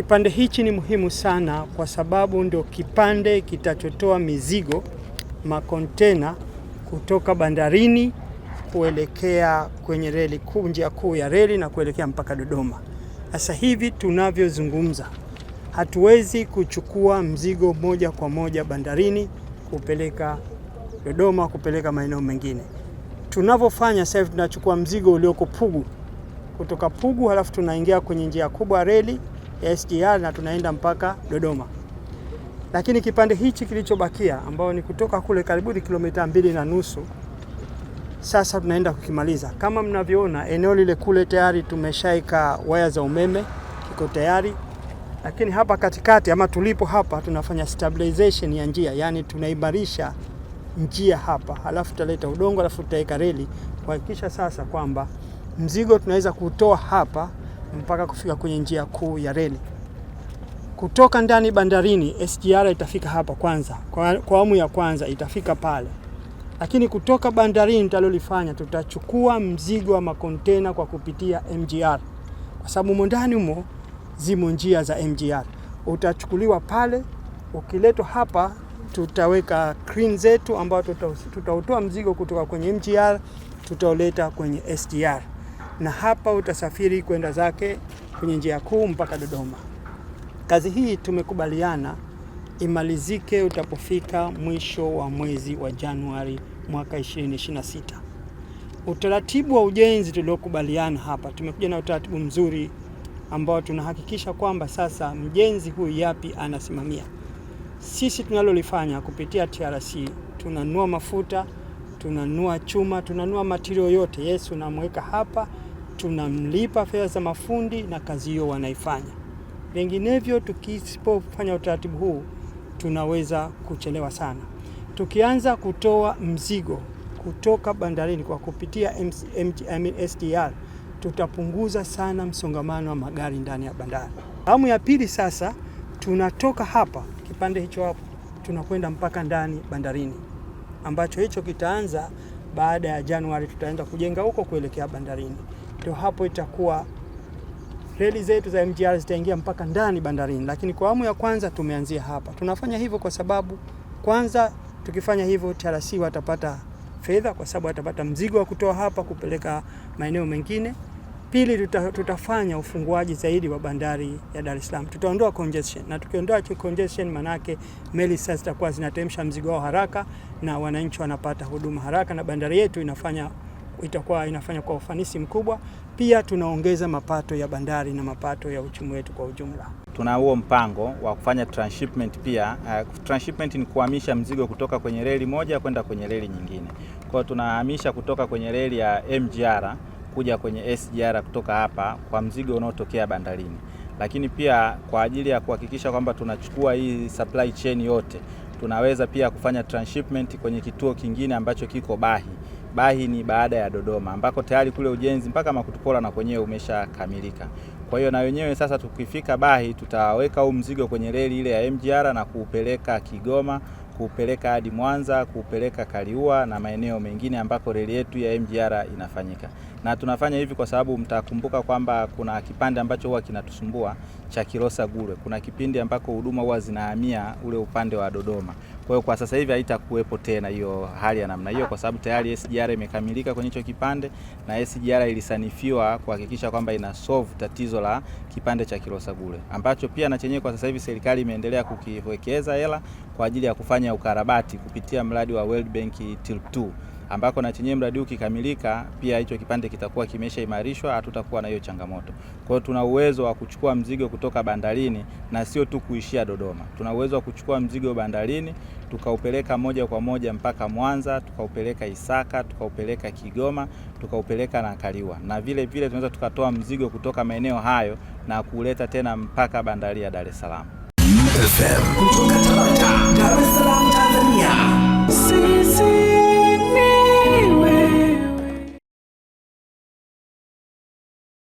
Kipande hichi ni muhimu sana kwa sababu ndio kipande kitachotoa mizigo makontena kutoka bandarini kuelekea kwenye reli kuu, njia kuu ya reli na kuelekea mpaka Dodoma. Sasa hivi tunavyozungumza, hatuwezi kuchukua mzigo moja kwa moja bandarini kupeleka Dodoma, kupeleka maeneo mengine. Tunavyofanya sasa hivi tunachukua mzigo ulioko Pugu, kutoka Pugu halafu tunaingia kwenye njia kubwa reli ya SGR na tunaenda mpaka Dodoma. Lakini kipande hichi kilichobakia ambao ni kutoka kule karibuni kilomita mbili na nusu sasa tunaenda kukimaliza. Kama mnavyoona, eneo lile kule tayari tumeshaika waya za umeme, kiko tayari. Lakini hapa katikati ama tulipo hapa, tunafanya stabilization ya njia, yaani tunaimarisha njia hapa, halafu tutaleta udongo, halafu tutaweka reli kuhakikisha sasa kwamba mzigo tunaweza kutoa hapa mpaka kufika kwenye njia kuu ya reli kutoka ndani bandarini. SGR itafika hapa kwanza, kwa awamu ya kwanza itafika pale, lakini kutoka bandarini nitalolifanya, tutachukua mzigo wa makontena kwa kupitia MGR, kwa sababu mo ndani humo zimo njia za MGR. Utachukuliwa pale, ukiletwa hapa tutaweka crane zetu ambayo tutautoa mzigo kutoka kwenye MGR tutaoleta kwenye SGR na hapa utasafiri kwenda zake kwenye njia kuu mpaka Dodoma. Kazi hii tumekubaliana imalizike utapofika mwisho wa mwezi wa Januari mwaka 2026. Utaratibu wa ujenzi tuliokubaliana hapa, tumekuja na utaratibu mzuri ambao tunahakikisha kwamba sasa mjenzi huyu yapi anasimamia. Sisi tunalolifanya kupitia TRC, tunanua mafuta, tunanua chuma, tunanua matirio yote. Yesu namweka hapa tunamlipa fedha za mafundi na kazi hiyo wanaifanya. Vinginevyo tukisipofanya utaratibu huu tunaweza kuchelewa sana. Tukianza kutoa mzigo kutoka bandarini kwa kupitia SGR tutapunguza sana msongamano wa magari ndani ya bandari. Awamu ya pili sasa, tunatoka hapa kipande hicho hapo tunakwenda mpaka ndani bandarini, ambacho hicho kitaanza baada ya Januari. Tutaenda kujenga huko kuelekea bandarini ndio hapo itakuwa reli zetu za MGR zitaingia mpaka ndani bandarini. Lakini kwa awamu ya kwanza tumeanzia hapa. Tunafanya hivyo kwa sababu kwanza, tukifanya hivyo TRC watapata fedha, kwa sababu watapata mzigo wa kutoa hapa kupeleka maeneo mengine. Pili, tuta, tutafanya ufunguaji zaidi wa bandari ya Dar es Salaam, tutaondoa congestion, na tukiondoa congestion, manake meli sasa zitakuwa zinatemsha mzigo wao haraka na wananchi wanapata huduma haraka, na bandari yetu inafanya itakuwa inafanya kwa ufanisi mkubwa. Pia tunaongeza mapato ya bandari na mapato ya uchumi wetu kwa ujumla. Tuna huo mpango wa kufanya transshipment pia. Uh, transshipment ni kuhamisha mzigo kutoka kwenye reli moja kwenda kwenye reli nyingine. Kwa hiyo tunahamisha kutoka kwenye reli ya MGR kuja kwenye SGR kutoka hapa kwa mzigo unaotokea bandarini, lakini pia kwa ajili ya kuhakikisha kwamba tunachukua hii supply chain yote tunaweza pia kufanya transshipment kwenye kituo kingine ambacho kiko Bahi Bahi ni baada ya Dodoma ambako tayari kule ujenzi mpaka Makutupora na kwenyewe umeshakamilika. Kwa hiyo na wenyewe sasa tukifika Bahi tutaweka huu mzigo kwenye reli ile ya MGR na kuupeleka Kigoma, kuupeleka hadi Mwanza, kuupeleka Kaliua na maeneo mengine ambako reli yetu ya MGR inafanyika na tunafanya hivi kwa sababu mtakumbuka kwamba kuna kipande ambacho huwa kinatusumbua cha Kilosa Gulwe. Kuna kipindi ambako huduma huwa zinahamia ule upande wa Dodoma. Kwa hiyo kwa sasa hivi haitakuwepo tena hiyo hali ya namna hiyo, kwa sababu tayari SGR imekamilika kwenye hicho kipande na SGR ilisanifiwa kuhakikisha kwamba ina solve tatizo la kipande cha Kilosa Gulwe ambacho pia na chenyewe kwa sasa hivi serikali imeendelea kukiwekeza hela kwa ajili ya kufanya ukarabati kupitia mradi wa World Bank TILP2 ambako na chenyewe mradi huu kikamilika, pia hicho kipande kitakuwa kimeshaimarishwa, hatutakuwa na hiyo changamoto. Kwa hiyo tuna uwezo wa kuchukua mzigo kutoka bandarini na sio tu kuishia Dodoma. Tuna uwezo wa kuchukua mzigo bandarini tukaupeleka moja kwa moja mpaka Mwanza, tukaupeleka Isaka, tukaupeleka Kigoma, tukaupeleka na Kaliwa, na vile vile tunaweza tukatoa mzigo kutoka maeneo hayo na kuuleta tena mpaka bandari ya Dar es Salaam.